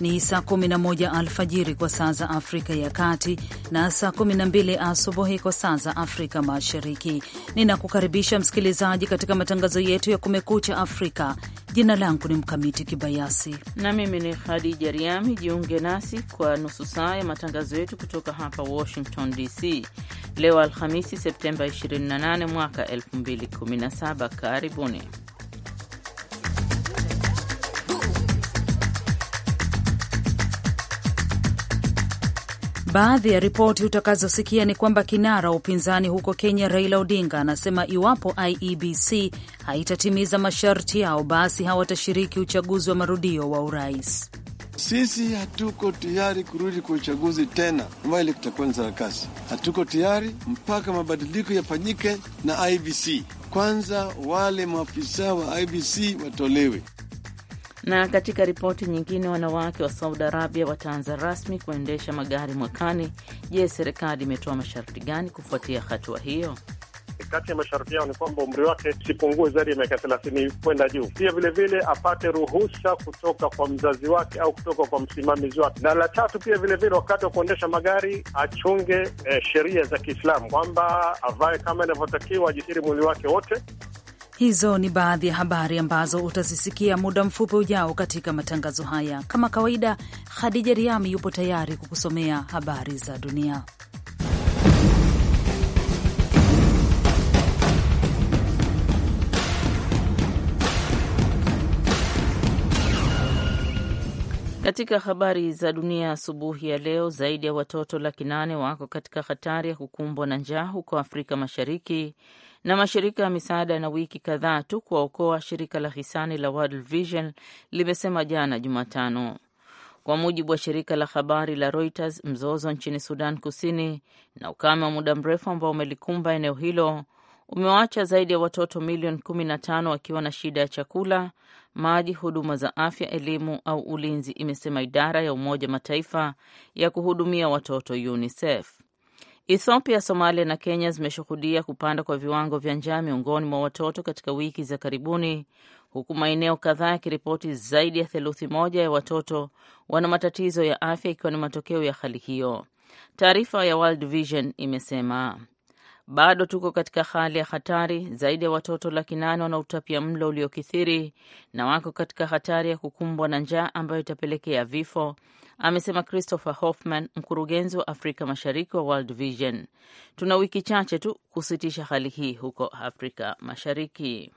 ni saa 11 alfajiri kwa saa za Afrika ya Kati na saa 12 asubuhi kwa saa za Afrika Mashariki. Ninakukaribisha msikilizaji katika matangazo yetu ya Kumekucha Afrika. Jina langu ni Mkamiti Kibayasi na mimi ni Khadija Riami. Jiunge nasi kwa nusu saa ya matangazo yetu kutoka hapa Washington DC leo Alhamisi, Septemba 28 mwaka 2017. Karibuni. Baadhi ya ripoti utakazosikia ni kwamba kinara wa upinzani huko Kenya Raila Odinga anasema iwapo IEBC haitatimiza masharti yao, basi hawatashiriki uchaguzi wa marudio wa urais. Sisi hatuko tayari kurudi kwa uchaguzi tena, ambayo ile kutakuwa ni sarakasi. Hatuko tayari mpaka mabadiliko yafanyike na IBC. E Kwanza wale maafisa wa IBC e watolewe. Na katika ripoti nyingine, wanawake wa Saudi Arabia wataanza rasmi kuendesha magari mwakani. Je, serikali imetoa masharti gani kufuatia hatua hiyo? Kati ya masharti yao ni kwamba umri wake sipungue zaidi ya miaka thelathini kwenda juu. Pia vilevile apate ruhusa kutoka kwa mzazi wake au kutoka kwa msimamizi wake, na la tatu pia vilevile, wakati wa kuendesha magari achunge eh, sheria za Kiislamu kwamba avae kama inavyotakiwa, ajitiri mwili wake wote. Hizo ni baadhi ya habari ambazo utazisikia muda mfupi ujao katika matangazo haya. Kama kawaida, Khadija Riami yupo tayari kukusomea habari za dunia. Katika habari za dunia asubuhi ya leo, zaidi ya watoto laki nane wako katika hatari ya kukumbwa na njaa huko Afrika Mashariki na mashirika ya misaada na wiki kadhaa tu kuwaokoa, shirika la hisani la World Vision limesema jana Jumatano. Kwa mujibu wa shirika la habari la Reuters, mzozo nchini Sudan Kusini na ukame wa muda mrefu ambao umelikumba eneo hilo umewaacha zaidi ya watoto milioni 15 wakiwa na shida ya chakula, maji, huduma za afya, elimu au ulinzi, imesema idara ya Umoja Mataifa ya kuhudumia watoto UNICEF. Ethiopia, Somalia na Kenya zimeshuhudia kupanda kwa viwango vya njaa miongoni mwa watoto katika wiki za karibuni, huku maeneo kadhaa yakiripoti zaidi ya theluthi moja ya watoto wana matatizo ya afya, ikiwa ni matokeo ya hali hiyo, taarifa ya World Vision imesema. Bado tuko katika hali ya hatari. Zaidi ya watoto laki nane wana utapia mlo uliokithiri na wako katika hatari ya kukumbwa na njaa ambayo itapelekea vifo, amesema Christopher Hoffman, mkurugenzi wa Afrika Mashariki wa World Vision. Tuna wiki chache tu kusitisha hali hii huko Afrika Mashariki.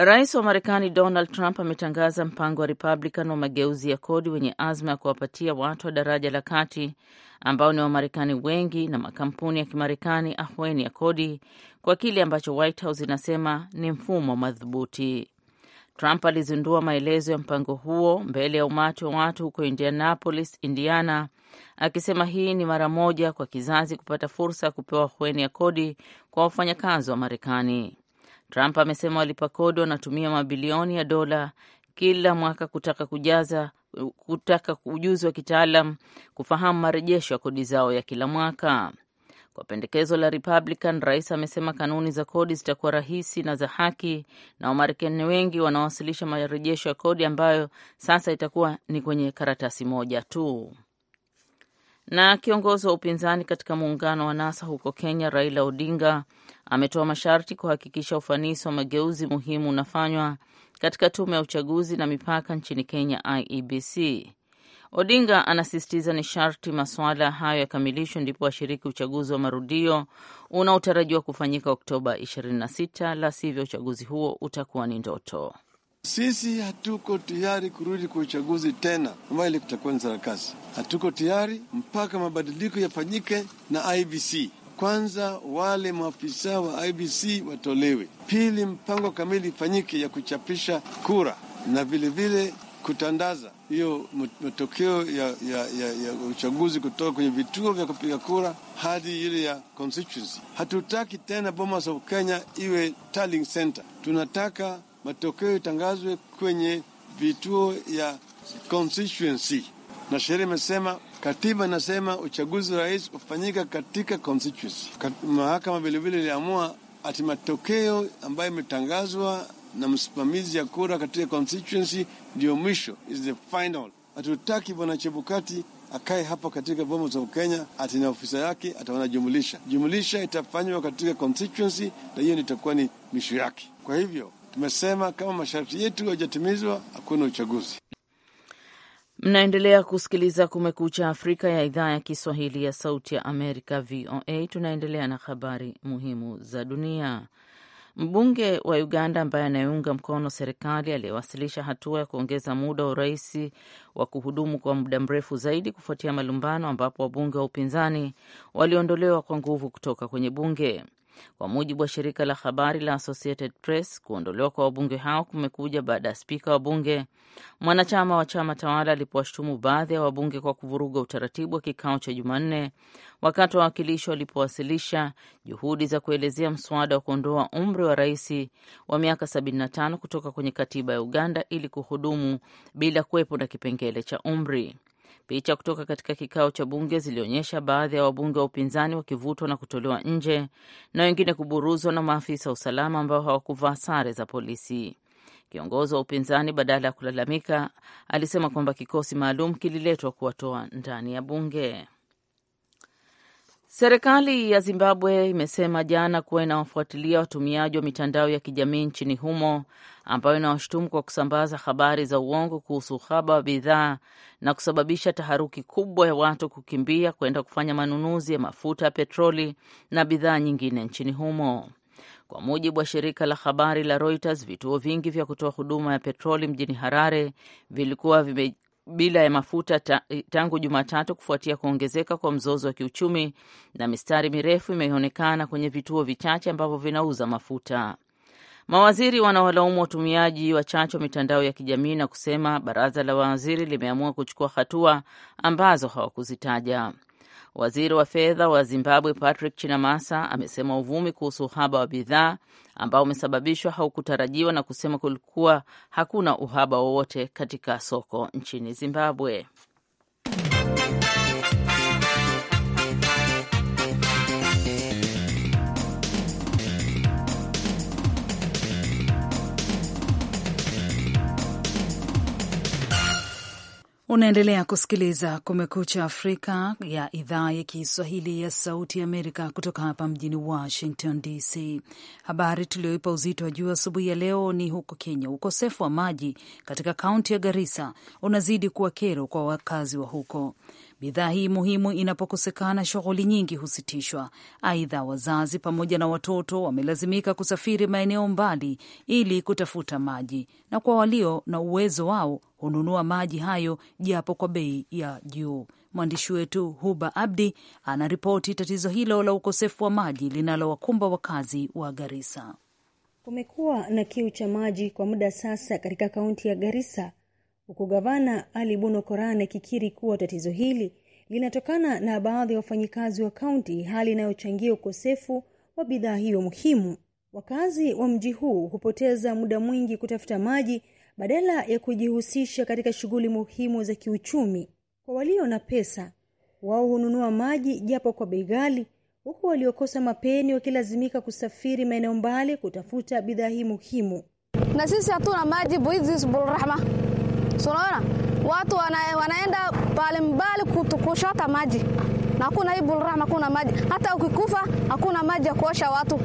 Rais wa Marekani Donald Trump ametangaza mpango wa Republican wa mageuzi ya kodi wenye azma ya kuwapatia watu wa daraja la kati ambao ni Wamarekani wengi na makampuni ya Kimarekani ahueni ya kodi kwa kile ambacho White House inasema ni mfumo madhubuti. Trump alizindua maelezo ya mpango huo mbele ya umati wa watu huko Indianapolis, Indiana, akisema hii ni mara moja kwa kizazi kupata fursa ya kupewa ahueni ya kodi kwa wafanyakazi wa Marekani. Trump amesema walipa kodi wanatumia mabilioni ya dola kila mwaka kutaka kujaza kutaka ujuzi wa kitaalam kufahamu marejesho ya kodi zao ya kila mwaka. Kwa pendekezo la Republican, rais amesema kanuni za kodi zitakuwa rahisi na za haki, na Wamarekani wengi wanawasilisha marejesho ya kodi ambayo sasa itakuwa ni kwenye karatasi moja tu. Na kiongozi wa upinzani katika muungano wa NASA huko Kenya, Raila Odinga ametoa masharti kuhakikisha ufanisi wa mageuzi muhimu unafanywa katika tume ya uchaguzi na mipaka nchini Kenya, IEBC. Odinga anasisitiza ni sharti masuala hayo yakamilishwe ndipo washiriki uchaguzi wa marudio unaotarajiwa kufanyika Oktoba 26, la sivyo uchaguzi huo utakuwa ni ndoto. Sisi hatuko tayari kurudi kwa uchaguzi tena, ambayo kutakuwa ni sarakasi. Hatuko tayari mpaka mabadiliko yafanyike na IBC. Kwanza wale maafisa wa IBC watolewe, pili mpango kamili ifanyike ya kuchapisha kura na vilevile kutandaza hiyo matokeo ya, ya, ya, ya uchaguzi kutoka kwenye vituo vya kupiga kura hadi ile ya constituency. Hatutaki tena Bomas of Kenya iwe tallying center, tunataka matokeo itangazwe kwenye vituo ya constituency. Na sheria imesema, katiba inasema uchaguzi wa rais ufanyika katika constituency. Mahakama vilevile iliamua ati matokeo ambayo imetangazwa na msimamizi ya kura katika constituency ndio mwisho, is the final. Hatutaki bwana Chebukati akae hapa katika vomo za Kenya ati na ofisa yake atawanajumulisha jumulisha, itafanywa katika constituency, na hiyo nitakuwa ni misho yake. Kwa hivyo Tumesema kama masharti yetu hayajatimizwa hakuna uchaguzi. Mnaendelea kusikiliza Kumekucha Afrika ya idhaa ya Kiswahili ya Sauti ya Amerika, VOA. Tunaendelea na habari muhimu za dunia. Mbunge wa Uganda ambaye anayeunga mkono serikali aliyewasilisha hatua ya kuongeza muda wa urais wa kuhudumu kwa muda mrefu zaidi kufuatia malumbano ambapo wabunge wa upinzani waliondolewa kwa nguvu kutoka kwenye bunge. Kwa mujibu wa shirika la habari la Associated Press, kuondolewa kwa wabunge hao kumekuja baada ya spika wa bunge mwanachama wa chama tawala alipowashutumu baadhi ya wabunge kwa kuvuruga utaratibu wa kikao cha Jumanne wakati wa wawakilishi walipowasilisha juhudi za kuelezea mswada wa kuondoa umri wa rais wa miaka 75 kutoka kwenye katiba ya Uganda ili kuhudumu bila kuwepo na kipengele cha umri. Picha kutoka katika kikao cha bunge zilionyesha baadhi ya wabunge wa upinzani wakivutwa na kutolewa nje na wengine kuburuzwa na maafisa wa usalama ambao hawakuvaa sare za polisi. Kiongozi wa upinzani badala ya kulalamika, alisema kwamba kikosi maalum kililetwa kuwatoa ndani ya bunge. Serikali ya Zimbabwe imesema jana kuwa inawafuatilia watumiaji wa mitandao ya kijamii nchini humo ambayo inawashutumu kwa kusambaza habari za uongo kuhusu uhaba wa bidhaa na kusababisha taharuki kubwa ya watu kukimbia kwenda kufanya manunuzi ya mafuta ya petroli na bidhaa nyingine nchini humo. Kwa mujibu wa shirika la habari la Reuters, vituo vingi vya kutoa huduma ya petroli mjini Harare vilikuwa vime bila ya mafuta ta, tangu Jumatatu kufuatia kuongezeka kwa mzozo wa kiuchumi na mistari mirefu imeonekana kwenye vituo vichache ambavyo vinauza mafuta. Mawaziri wanawalaumu watumiaji wachache wa mitandao ya kijamii na kusema baraza la mawaziri limeamua kuchukua hatua ambazo hawakuzitaja. Waziri wa fedha wa Zimbabwe Patrick Chinamasa amesema uvumi kuhusu uhaba wa bidhaa ambao umesababishwa haukutarajiwa na kusema kulikuwa hakuna uhaba wowote katika soko nchini Zimbabwe. Unaendelea kusikiliza Kumekucha Afrika ya idhaa ya Kiswahili ya Sauti ya Amerika kutoka hapa mjini Washington DC. Habari tuliyoipa uzito wa juu asubuhi ya leo ni huko Kenya, ukosefu wa maji katika kaunti ya Garissa unazidi kuwa kero kwa wakazi wa huko. Bidhaa hii muhimu inapokosekana, shughuli nyingi husitishwa. Aidha, wazazi pamoja na watoto wamelazimika kusafiri maeneo mbali ili kutafuta maji, na kwa walio na uwezo wao hununua maji hayo japo kwa bei ya juu. Mwandishi wetu Huba Abdi anaripoti tatizo hilo la ukosefu wa maji linalowakumba wakazi wa Garissa. Kumekuwa na kiu cha maji kwa muda sasa katika kaunti ya Garissa huku gavana Ali Bono Koran akikiri kuwa tatizo hili linatokana na baadhi ya wafanyikazi wa kaunti, hali inayochangia ukosefu wa bidhaa hiyo muhimu. Wakazi wa mji huu hupoteza muda mwingi kutafuta maji badala ya kujihusisha katika shughuli muhimu za kiuchumi. Kwa walio na pesa, wao hununua maji japo kwa bei ghali, huku waliokosa mapeni wakilazimika kusafiri maeneo mbali kutafuta bidhaa hii muhimu. Na sisi hatuna maji buizi rahma So unaona watu wana, wanaenda pale mbali kushota maji na hakuna hii Bulram, hakuna maji. Hata ukikufa hakuna maji ya kuosha watu.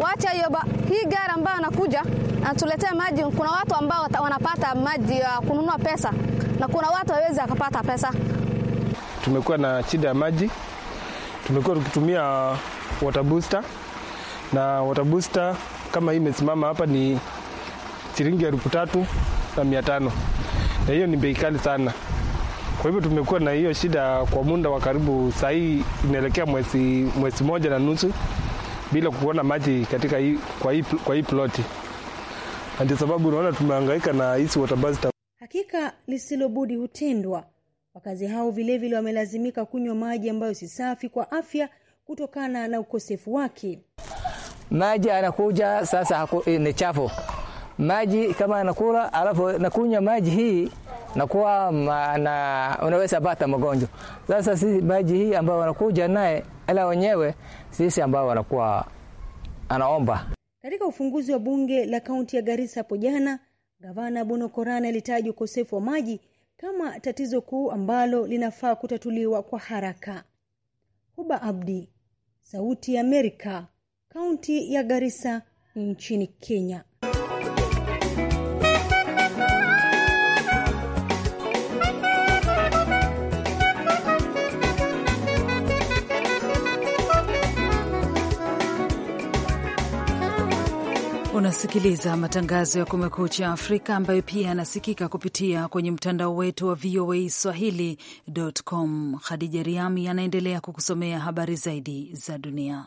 Wacha hiyo hii gari ambayo anakuja anatuletea maji. Kuna watu ambao wanapata maji ya kununua pesa na kuna watu hawezi akapata pesa. Tumekuwa na shida ya maji, tumekuwa tukitumia water booster na water booster kama hii imesimama hapa ni shilingi elfu tatu na mia tano na eh, hiyo ni bei kali sana. Kwa hivyo tumekuwa na hiyo shida kwa muda wa karibu, saa hii inaelekea mwezi, mwezi moja na nusu bila kuona maji katika hii, kwa, hii, kwa hii ploti, na ndio sababu unaona tumehangaika na hizi water Hakika lisilobudi hutendwa. Wakazi hao vilevile wamelazimika kunywa maji ambayo si safi kwa afya kutokana na ukosefu wake. Maji anakuja sasa eh, ni chafu, maji kama anakula alafu nakunywa maji hii na kuwa na unaweza pata magonjwa. Sasa sisi maji hii ambayo wanakuja naye ala wenyewe sisi ambao wanakuwa anaomba. Katika ufunguzi wa bunge la kaunti ya Garissa hapo jana, gavana Bono Korana alitaja ukosefu wa maji kama tatizo kuu ambalo linafaa kutatuliwa kwa haraka. Huba Abdi, Sauti ya Amerika, kaunti ya Garissa nchini Kenya. Unasikiliza matangazo ya Kumekucha Afrika ambayo pia yanasikika kupitia kwenye mtandao wetu wa VOA Swahili.com. Khadija Riami anaendelea kukusomea habari zaidi za dunia.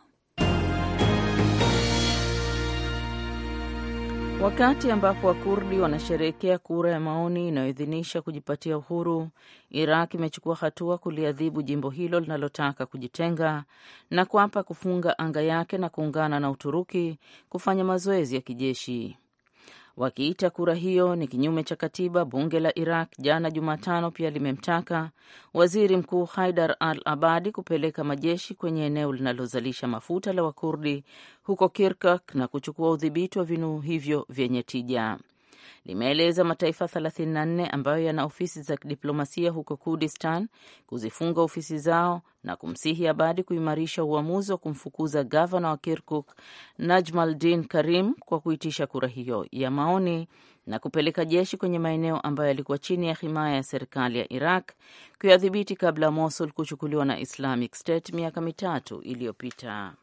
Wakati ambapo Wakurdi wanasherehekea kura ya maoni inayoidhinisha kujipatia uhuru, Iraq imechukua hatua kuliadhibu jimbo hilo linalotaka kujitenga na kuapa kufunga anga yake na kuungana na Uturuki kufanya mazoezi ya kijeshi wakiita kura hiyo ni kinyume cha katiba. Bunge la Iraq jana Jumatano pia limemtaka waziri mkuu Haidar al Abadi kupeleka majeshi kwenye eneo linalozalisha mafuta la Wakurdi huko Kirkuk na kuchukua udhibiti wa vinuu hivyo vyenye tija limeeleza mataifa 34 ambayo yana ofisi za diplomasia huko Kurdistan kuzifunga ofisi zao na kumsihi Abadi kuimarisha uamuzi wa kumfukuza gavana wa Kirkuk Najmaldin Karim kwa kuitisha kura hiyo ya maoni na kupeleka jeshi kwenye maeneo ambayo yalikuwa chini ya himaya ya serikali ya Iraq kuyadhibiti kabla Mosul kuchukuliwa na Islamic State miaka mitatu iliyopita.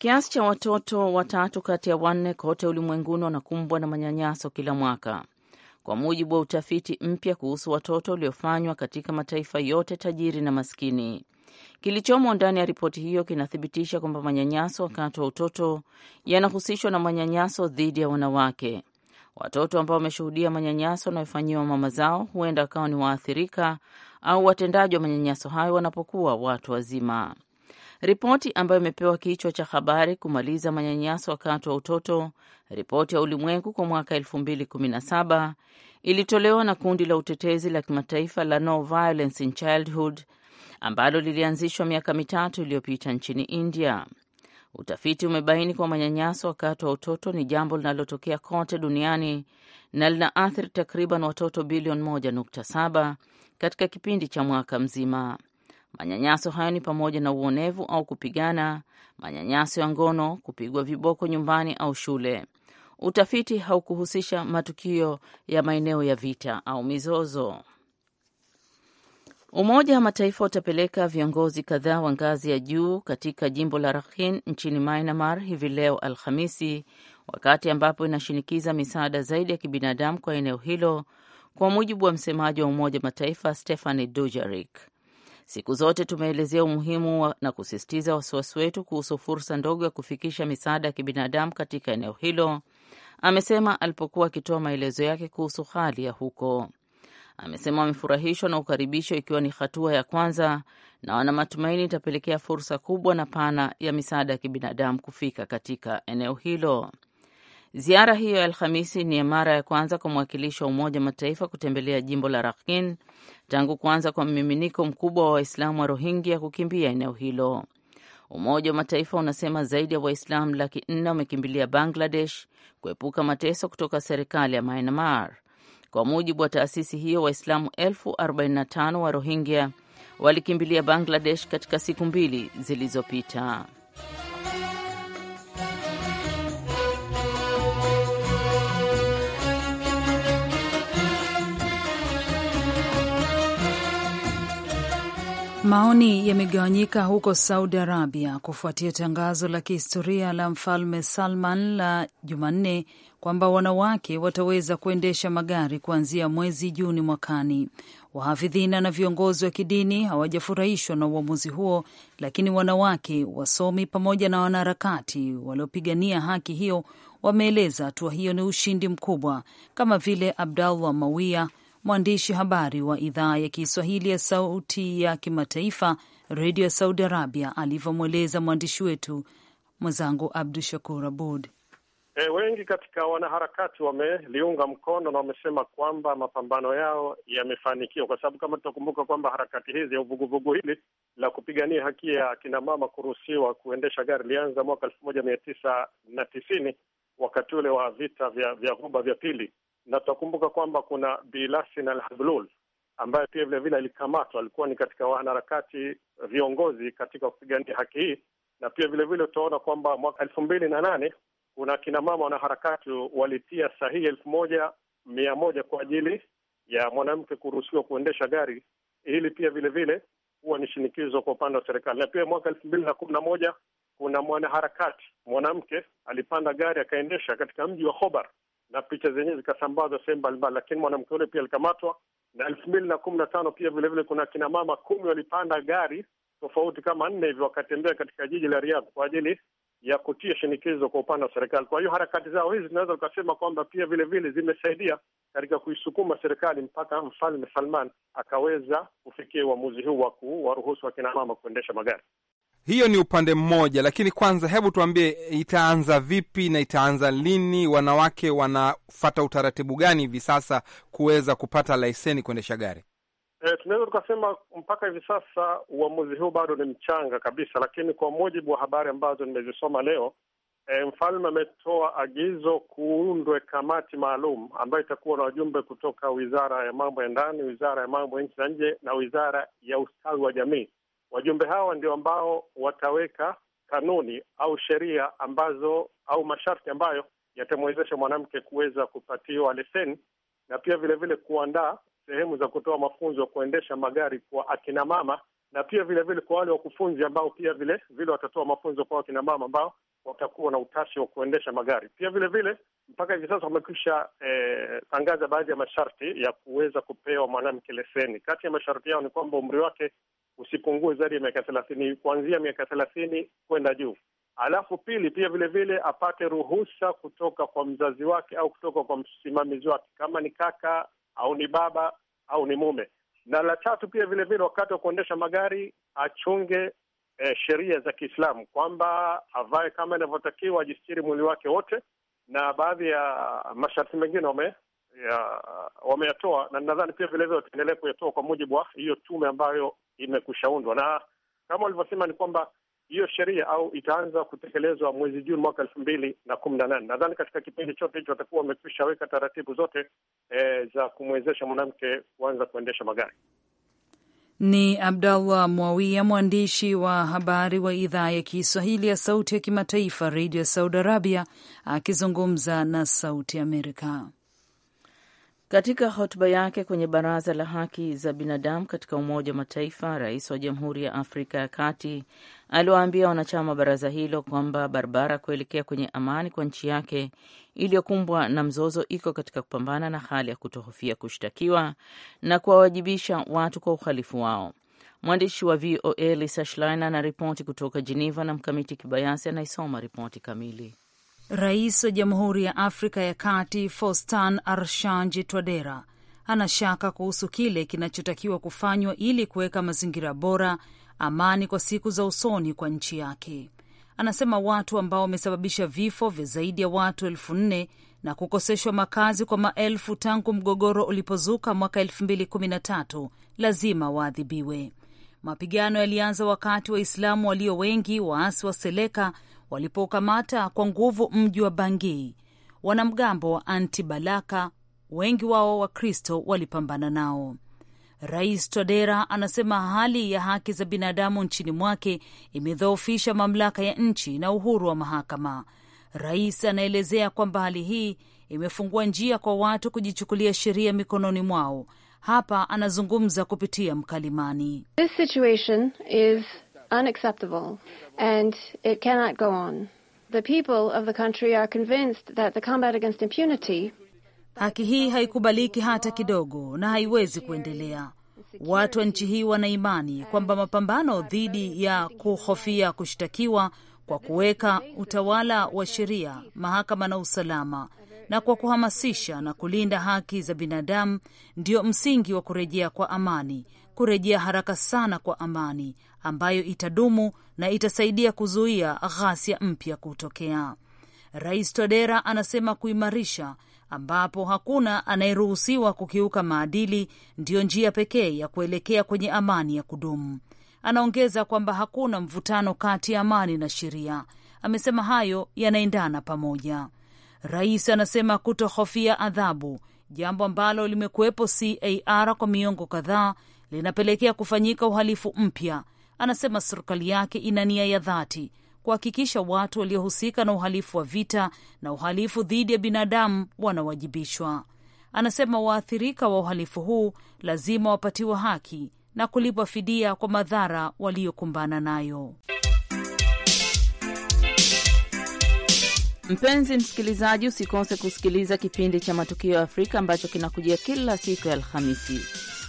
Kiasi cha watoto watatu kati ya wanne kote ulimwenguni wanakumbwa na manyanyaso kila mwaka, kwa mujibu wa utafiti mpya kuhusu watoto uliofanywa katika mataifa yote tajiri na maskini. Kilichomo ndani ya ripoti hiyo kinathibitisha kwamba manyanyaso wakati wa utoto yanahusishwa na manyanyaso dhidi ya wanawake. Watoto ambao wameshuhudia manyanyaso wanayofanyiwa mama zao huenda wakawa ni waathirika au watendaji wa manyanyaso hayo wanapokuwa watu wazima. Ripoti ambayo imepewa kichwa cha habari kumaliza manyanyaso wakati wa utoto, ripoti ya ulimwengu kwa mwaka 2017 ilitolewa na kundi la utetezi la kimataifa la No Violence in Childhood ambalo lilianzishwa miaka mitatu iliyopita nchini India. Utafiti umebaini kuwa manyanyaso wakati wa utoto ni jambo linalotokea kote duniani na linaathiri takriban watoto bilioni 1.7 katika kipindi cha mwaka mzima. Manyanyaso hayo ni pamoja na uonevu au kupigana, manyanyaso ya ngono, kupigwa viboko nyumbani au shule. Utafiti haukuhusisha matukio ya maeneo ya vita au mizozo. Umoja wa Mataifa utapeleka viongozi kadhaa wa ngazi ya juu katika jimbo la Rakhine nchini Myanmar hivi leo Alhamisi, wakati ambapo inashinikiza misaada zaidi ya kibinadamu kwa eneo hilo, kwa mujibu wa msemaji wa Umoja wa Mataifa stephani dujarik Siku zote tumeelezea umuhimu na kusisitiza wasiwasi wetu kuhusu fursa ndogo ya kufikisha misaada ya kibinadamu katika eneo hilo, amesema alipokuwa akitoa maelezo yake kuhusu hali ya huko. Amesema wamefurahishwa na ukaribisho, ikiwa ni hatua ya kwanza, na wana matumaini itapelekea fursa kubwa na pana ya misaada ya kibinadamu kufika katika eneo hilo. Ziara hiyo ya Alhamisi ni ya mara ya kwanza kwa mwakilishi wa Umoja Mataifa kutembelea jimbo la Rakhine tangu kuanza kwa mmiminiko mkubwa wa Waislamu wa Rohingya kukimbia eneo hilo. Umoja wa Mataifa unasema zaidi ya Waislamu laki nne wamekimbilia Bangladesh kuepuka mateso kutoka serikali ya Myanmar. Kwa mujibu wa taasisi hiyo, Waislamu elfu wa Rohingya walikimbilia Bangladesh katika siku mbili zilizopita. Maoni yamegawanyika huko Saudi Arabia kufuatia tangazo la kihistoria la Mfalme Salman la Jumanne kwamba wanawake wataweza kuendesha magari kuanzia mwezi Juni mwakani. Wahafidhina na viongozi wa kidini hawajafurahishwa na uamuzi huo, lakini wanawake wasomi pamoja na wanaharakati waliopigania haki hiyo wameeleza hatua hiyo ni ushindi mkubwa, kama vile Abdallah Mawia, mwandishi habari wa idhaa ya Kiswahili ya Sauti ya Kimataifa redio ya Saudi Arabia alivyomweleza mwandishi wetu mwenzangu Abdu Shakur Abud. E, wengi katika wanaharakati wameliunga mkono na wamesema kwamba mapambano yao yamefanikiwa, kwa sababu kama tutakumbuka kwamba harakati hizi ya uvuguvugu hili la kupigania haki ya akinamama kuruhusiwa kuendesha gari ilianza mwaka elfu moja mia tisa na tisini wakati ule wa vita vya vya Ghuba vya pili na tutakumbuka kwamba kuna Bilasin al Hablul ambaye pia vilevile alikamatwa, alikuwa ni katika wanaharakati viongozi katika kupigania haki hii, na pia vilevile utaona kwamba mwaka elfu mbili na nane kuna akinamama wanaharakati walitia sahihi elfu moja mia moja kwa ajili ya mwanamke kuruhusiwa kuendesha gari. Hili pia vilevile huwa ni shinikizo kwa upande wa serikali. Na pia mwaka elfu mbili na kumi na moja kuna mwanaharakati mwanamke alipanda gari akaendesha katika mji wa Khobar na picha zenyewe zikasambazwa sehemu mbalimbali, lakini mwanamke yule pia alikamatwa. Na elfu mbili na kumi na tano pia vilevile kuna kina mama kumi walipanda gari tofauti kama nne hivyo wakatembea katika jiji la Riyadh kwa ajili ya kutia shinikizo kwa upande wa serikali. Kwa hiyo harakati zao hizi zinaweza ukasema kwamba pia vile vile zimesaidia katika kuisukuma serikali mpaka Mfalme Salman akaweza kufikia uamuzi huu wa kuwaruhusu wakinamama kuendesha magari. Hiyo ni upande mmoja, lakini kwanza, hebu tuambie itaanza vipi na itaanza lini? Wanawake wanafata utaratibu gani hivi sasa kuweza kupata leseni kuendesha gari? E, tunaweza tukasema mpaka hivi sasa uamuzi huu bado ni mchanga kabisa, lakini kwa mujibu wa habari ambazo nimezisoma leo e, mfalme ametoa agizo kuundwe kamati maalum ambayo itakuwa na wajumbe kutoka wizara ya mambo ya ndani, wizara ya mambo ya nchi za nje na wizara ya ustawi wa jamii Wajumbe hawa ndio ambao wataweka kanuni au sheria ambazo au masharti ambayo yatamwezesha mwanamke kuweza kupatiwa leseni na pia vilevile kuandaa sehemu za kutoa mafunzo ya kuendesha magari kwa akina mama na pia vilevile kwa wale wakufunzi ambao pia vile vile watatoa mafunzo kwa wakina mama ambao watakuwa na utashi wa kuendesha magari. Pia vilevile mpaka hivi sasa wamekwisha eh, tangaza baadhi ya masharti ya kuweza kupewa mwanamke leseni. Kati ya masharti yao ni kwamba umri wake usipungue zaidi ya miaka thelathini kuanzia miaka thelathini kwenda juu. Alafu pili, pia vilevile apate ruhusa kutoka kwa mzazi wake au kutoka kwa msimamizi wake, kama ni kaka au ni baba au ni mume. Na la tatu pia vilevile, wakati wa kuendesha magari achunge eh, sheria za Kiislamu kwamba avae kama inavyotakiwa, ajistiri mwili wake wote, na baadhi ya masharti mengine wame wameyatoa, na nadhani pia vilevile wataendelea kuyatoa kwa mujibu wa hiyo tume ambayo imekushaundwa, na kama walivyosema ni kwamba hiyo sheria au itaanza kutekelezwa mwezi Juni mwaka elfu mbili na kumi na nane. Nadhani katika kipindi chote hicho watakuwa wamekwisha weka taratibu zote e, za kumwezesha mwanamke kuanza kuendesha magari. Ni Abdallah Mwawia, mwandishi wa habari wa idhaa ya Kiswahili ya Sauti ya Kimataifa, Redio ya Saudi Arabia, akizungumza na Sauti Amerika. Katika hotuba yake kwenye Baraza la Haki za Binadamu katika Umoja wa Mataifa, rais wa Jamhuri ya Afrika ya Kati aliwaambia wanachama baraza hilo kwamba barabara kuelekea kwenye amani kwa nchi yake iliyokumbwa na mzozo iko katika kupambana na hali ya kutohofia kushtakiwa na kuwawajibisha watu kwa uhalifu wao. Mwandishi wa VOA Lisa Schlein anaripoti kutoka Jeneva na Mkamiti Kibayasi anaisoma ripoti kamili. Rais wa Jamhuri ya Afrika ya Kati Faustin Archange Touadera ana shaka kuhusu kile kinachotakiwa kufanywa ili kuweka mazingira bora amani kwa siku za usoni kwa nchi yake. Anasema watu ambao wamesababisha vifo vya zaidi ya watu elfu nne na kukoseshwa makazi kwa maelfu tangu mgogoro ulipozuka mwaka elfu mbili kumi na tatu lazima waadhibiwe. Mapigano yalianza wakati Waislamu walio wengi waasi wa Seleka walipoukamata kwa nguvu mji wa Bangui. Wanamgambo wa Anti-Balaka, wengi wao Wakristo, walipambana nao. Rais Todera anasema hali ya haki za binadamu nchini mwake imedhoofisha mamlaka ya nchi na uhuru wa mahakama. Rais anaelezea kwamba hali hii imefungua njia kwa watu kujichukulia sheria mikononi mwao. Hapa anazungumza kupitia mkalimani. This situation is unacceptable, and it cannot go on. The people of the country are convinced that the combat against impunity. Haki hii haikubaliki hata kidogo na haiwezi kuendelea. Watu wa nchi hii wana imani kwamba mapambano dhidi ya kuhofia kushtakiwa kwa kuweka utawala wa sheria, mahakama na usalama na kwa kuhamasisha na kulinda haki za binadamu ndio msingi wa kurejea kwa amani kurejea haraka sana kwa amani ambayo itadumu na itasaidia kuzuia ghasia mpya kutokea. Rais Todera anasema kuimarisha, ambapo hakuna anayeruhusiwa kukiuka maadili, ndiyo njia pekee ya kuelekea kwenye amani ya kudumu. Anaongeza kwamba hakuna mvutano kati ya amani na sheria. Amesema hayo yanaendana pamoja. Rais anasema kutohofia adhabu, jambo ambalo limekuwepo CAR kwa miongo kadhaa linapelekea kufanyika uhalifu mpya. Anasema serikali yake ina nia ya dhati kuhakikisha watu waliohusika na uhalifu wa vita na uhalifu dhidi ya binadamu wanawajibishwa. Anasema waathirika wa uhalifu huu lazima wapatiwe haki na kulipwa fidia kwa madhara waliokumbana nayo. Mpenzi msikilizaji, usikose kusikiliza kipindi cha Matukio ya Afrika ambacho kinakujia kila siku ya Alhamisi.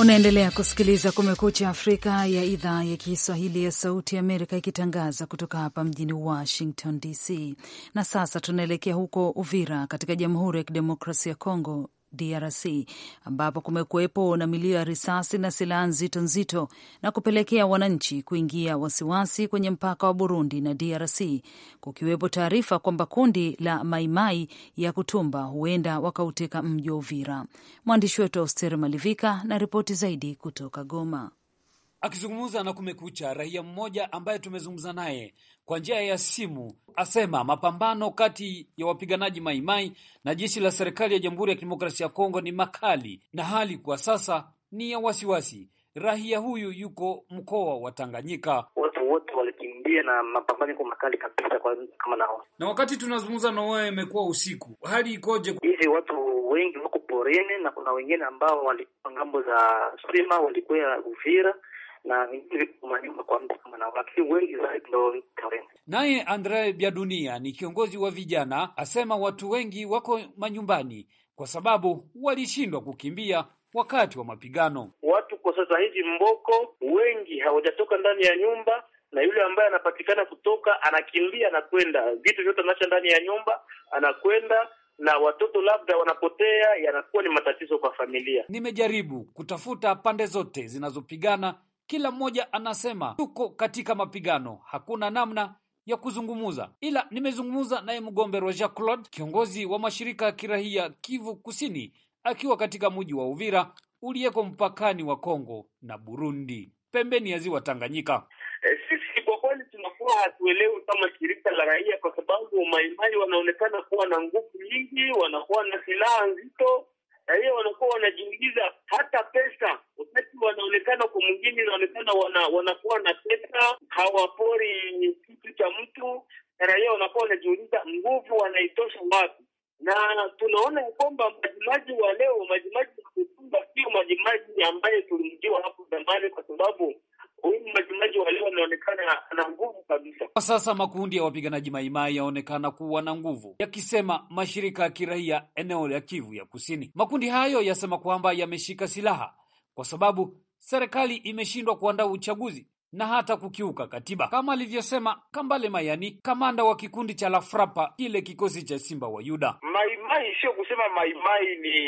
Unaendelea kusikiliza Kumekucha Afrika ya idhaa ya Kiswahili ya Sauti ya Amerika ikitangaza kutoka hapa mjini Washington DC. Na sasa tunaelekea huko Uvira katika Jamhuri ya Kidemokrasia ya Kongo DRC ambapo kumekuwepo na milio ya risasi na silaha nzito nzito na kupelekea wananchi kuingia wasiwasi kwenye mpaka wa Burundi na DRC, kukiwepo taarifa kwamba kundi la Maimai ya Kutumba huenda wakauteka mji wa Uvira. Mwandishi wetu Auster Malivika na ripoti zaidi kutoka Goma. Akizungumza na Kumekucha, raia mmoja ambaye tumezungumza naye kwa njia ya simu asema mapambano kati ya wapiganaji Maimai na jeshi la serikali ya Jamhuri ya Kidemokrasia ya Kongo ni makali na hali kwa sasa ni ya wasiwasi. Raia huyu yuko mkoa wa Tanganyika. Watu wote walikimbia na mapambano iko makali kabisa kwa kama nao. Na wakati tunazungumza na wewe, imekuwa usiku, hali ikoje hivi? Watu wengi wako porini na kuna wengine ambao walikuwa ngambo za Sima, walikuwa Uvira na vingine majumba kwa mtu kama nao, lakini wengi zaidi ndo Kalenga. Naye Andre Bya Dunia ni kiongozi wa vijana, asema watu wengi wako manyumbani kwa sababu walishindwa kukimbia wakati wa mapigano. Watu kwa sasa hivi Mboko wengi hawajatoka ndani ya nyumba na yule ambaye anapatikana kutoka anakimbia, anakwenda, vitu vyote anaacha ndani ya nyumba, anakwenda na watoto labda wanapotea, yanakuwa ni matatizo kwa familia. Nimejaribu kutafuta pande zote zinazopigana kila mmoja anasema tuko katika mapigano, hakuna namna ya kuzungumza. Ila nimezungumza naye mgombe Roger Claude, kiongozi wa mashirika ya kirahia Kivu Kusini, akiwa katika mji wa Uvira uliyeko mpakani wa Kongo na Burundi, pembeni ya ziwa Tanganyika. E, sisi kwa kweli tunakuwa hatuelewi kama shirika la raia, kwa sababu maimai wanaonekana kuwa na nguvu nyingi, wanakuwa na silaha nzito hiyo wanakuwa wanajiuliza hata pesa, wakati wanaonekana kwa mwingine inaonekana wana, wanakuwa na pesa, hawapori kitu cha mtu, na raia wanakuwa wanajiuliza nguvu wanaitosha wapi? Na tunaona ya kwamba majimaji wa leo, majimaji ya Butumba sio majimaji ambayo tulimjua hapo zamani, kwa sababu huyu Majimaji wa leo anaonekana ana nguvu kabisa. Kwa sasa makundi ya wapiganaji Maimai yaonekana kuwa na nguvu, yakisema mashirika ya kiraia eneo la Kivu ya Kusini. Makundi hayo yasema kwamba yameshika silaha kwa sababu serikali imeshindwa kuandaa uchaguzi na hata kukiuka katiba, kama alivyosema Kambale Mayani, kamanda wa kikundi cha Lafrapa, kile kikosi cha Simba wa Yuda. Maimai sio kusema Maimai ni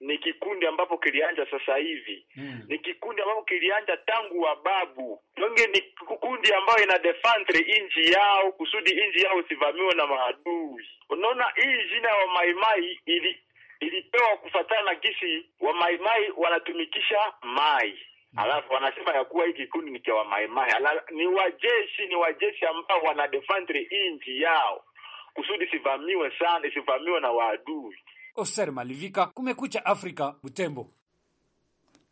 ni kikundi ambapo kilianja sasa hivi mm. Ni kikundi ambapo kilianja tangu wababu donge ni kikundi ambayo ina defendre inji yao kusudi inji yao isivamiwe na maadui. Unaona, hii jina ya wamaimai ili ilipewa kufatana na gisi wamaimai wanatumikisha mai hmm. alafu wanasema ya kuwa hii kikundi ni cha wamaimai, ni wajeshi, ni wajeshi ambao wanadefendre inji yao kusudi sivamiwe sana, isivamiwe na waadui. Oser Malivika, Kumekucha Afrika, Butembo.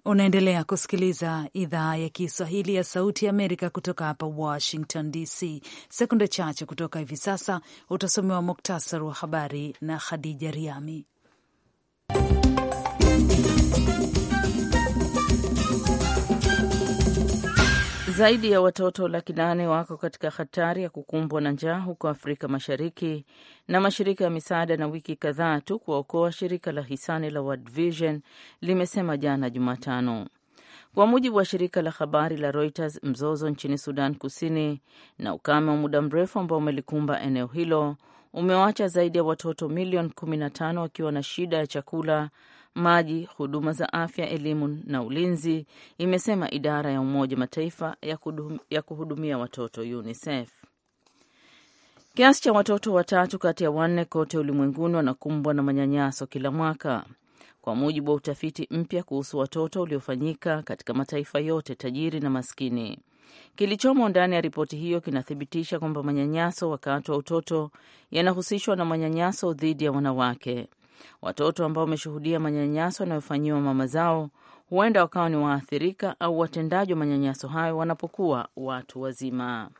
Unaendelea kusikiliza idhaa ya Kiswahili ya Sauti ya Amerika kutoka hapa Washington DC. Sekunde chache kutoka hivi sasa utasomewa muktasari wa habari na Khadija Riami. Zaidi ya watoto laki nane wako katika hatari ya kukumbwa na njaa huko Afrika Mashariki, na mashirika ya misaada na wiki kadhaa tu kuwaokoa, shirika la hisani la World Vision limesema jana Jumatano. Kwa mujibu wa shirika la habari la Reuters, mzozo nchini Sudan Kusini na ukame wa muda mrefu ambao umelikumba eneo hilo umewacha zaidi ya watoto milioni 15 wakiwa na shida ya chakula maji, huduma za afya, elimu na ulinzi, imesema idara ya Umoja Mataifa ya, kudum, ya kuhudumia watoto UNICEF. Kiasi cha watoto watatu kati ya wanne kote ulimwenguni wanakumbwa na manyanyaso kila mwaka kwa mujibu wa utafiti mpya kuhusu watoto uliofanyika katika mataifa yote tajiri na maskini. Kilichomo ndani ya ripoti hiyo kinathibitisha kwamba manyanyaso wakati wa utoto yanahusishwa na manyanyaso dhidi ya wanawake. Watoto ambao wameshuhudia manyanyaso wanayofanyiwa mama zao huenda wakawa ni waathirika au watendaji wa manyanyaso hayo wanapokuwa watu wazima.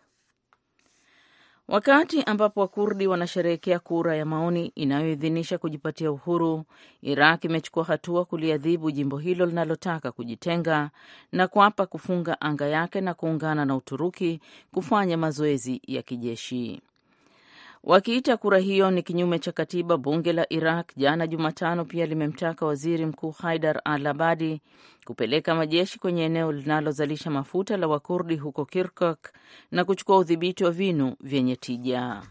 Wakati ambapo Wakurdi wanasherehekea kura ya maoni inayoidhinisha kujipatia uhuru, Iraq imechukua hatua kuliadhibu jimbo hilo linalotaka kujitenga na kuapa kufunga anga yake na kuungana na Uturuki kufanya mazoezi ya kijeshi wakiita kura hiyo ni kinyume cha katiba. Bunge la Iraq jana Jumatano pia limemtaka waziri mkuu Haidar al Abadi kupeleka majeshi kwenye eneo linalozalisha mafuta la Wakurdi huko Kirkuk na kuchukua udhibiti wa vinu vyenye tija.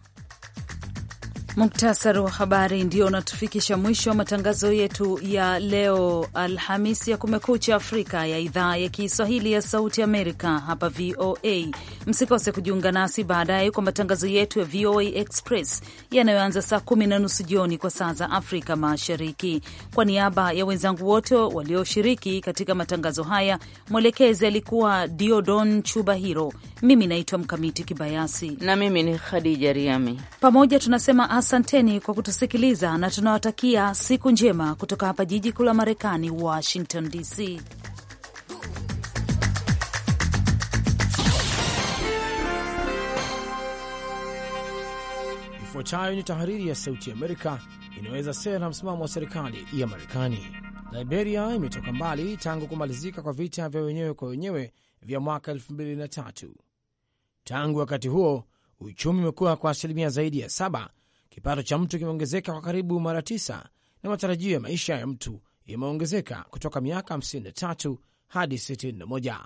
Muktasari wa habari ndio unatufikisha mwisho wa matangazo yetu ya leo Alhamisi ya Kumekucha Afrika ya idhaa ya Kiswahili ya Sauti Amerika hapa VOA. Msikose kujiunga nasi baadaye kwa matangazo yetu ya VOA Express yanayoanza saa kumi na nusu jioni kwa saa za Afrika Mashariki. Kwa niaba ya wenzangu wote walioshiriki katika matangazo haya, mwelekezi alikuwa Diodon Chubahiro, mimi naitwa Mkamiti Kibayasi na mimi ni Khadija Riami, pamoja tunasema asanteni kwa kutusikiliza na tunawatakia siku njema kutoka hapa jiji kuu la Marekani, Washington DC. Ifuatayo ni tahariri ya Sauti Amerika inaweza sera na msimamo wa serikali ya Marekani. Liberia imetoka mbali tangu kumalizika kwa vita vya wenyewe kwa wenyewe vya mwaka 2003. Tangu wakati huo uchumi umekuwa kwa asilimia zaidi ya saba Kipato cha mtu kimeongezeka kwa karibu mara tisa na matarajio ya maisha ya mtu yameongezeka kutoka miaka 53 hadi 61.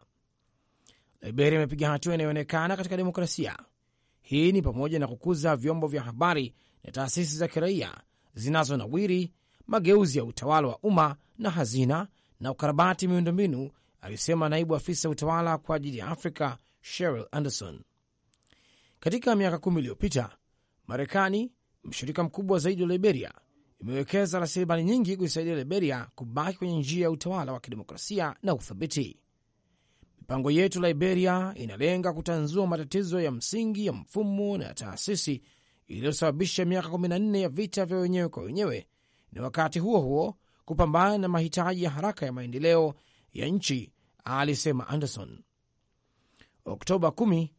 Liberia imepiga hatua inayoonekana katika demokrasia. Hii ni pamoja na kukuza vyombo vya habari na taasisi za kiraia zinazonawiri, mageuzi ya utawala wa umma na hazina na ukarabati miundombinu, alisema naibu afisa utawala kwa ajili ya Afrika Sheryl Anderson. Katika miaka kumi iliyopita Marekani mshirika mkubwa zaidi wa Liberia, imewekeza rasilimali nyingi kuisaidia Liberia kubaki kwenye njia ya utawala wa kidemokrasia na uthabiti. Mipango yetu Liberia inalenga kutanzua matatizo ya msingi ya mfumo na ya taasisi iliyosababisha miaka 14 ya vita vya wenyewe kwa wenyewe, na wakati huo huo kupambana na mahitaji ya haraka ya maendeleo ya nchi, alisema Anderson. Oktoba 10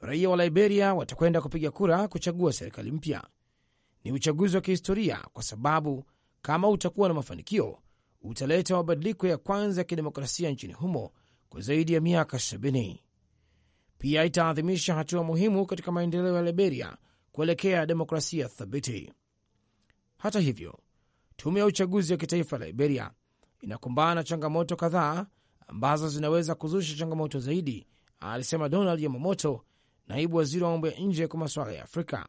raia wa Liberia watakwenda kupiga kura kuchagua serikali mpya ni uchaguzi wa kihistoria kwa sababu kama utakuwa na mafanikio utaleta mabadiliko ya kwanza ya kidemokrasia nchini humo kwa zaidi ya miaka 70. Pia itaadhimisha hatua muhimu katika maendeleo ya Liberia kuelekea demokrasia thabiti. Hata hivyo, tume ya uchaguzi wa kitaifa ya Liberia inakumbana na changamoto kadhaa ambazo zinaweza kuzusha changamoto zaidi, alisema Donald Yamamoto, naibu waziri wa mambo ya nje kwa masuala ya Afrika.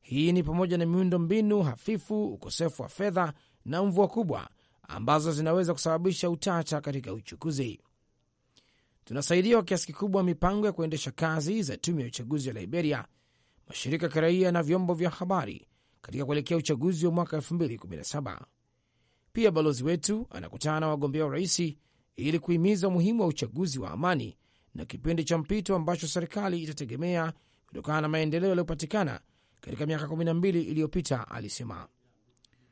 Hii ni pamoja na miundo mbinu hafifu, ukosefu wa fedha na mvua kubwa ambazo zinaweza kusababisha utata katika uchukuzi. Tunasaidia kwa kiasi kikubwa mipango ya kuendesha kazi za tume ya uchaguzi ya Liberia, mashirika ya kiraia na vyombo vya habari katika kuelekea uchaguzi wa mwaka 2017. Pia balozi wetu anakutana na wagombea urais ili kuhimiza umuhimu wa uchaguzi wa amani na kipindi cha mpito ambacho serikali itategemea kutokana na maendeleo yaliyopatikana katika miaka 12 iliyopita, alisema.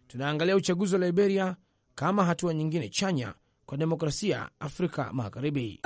Tunaangalia uchaguzi wa Liberia kama hatua nyingine chanya kwa demokrasia Afrika Magharibi.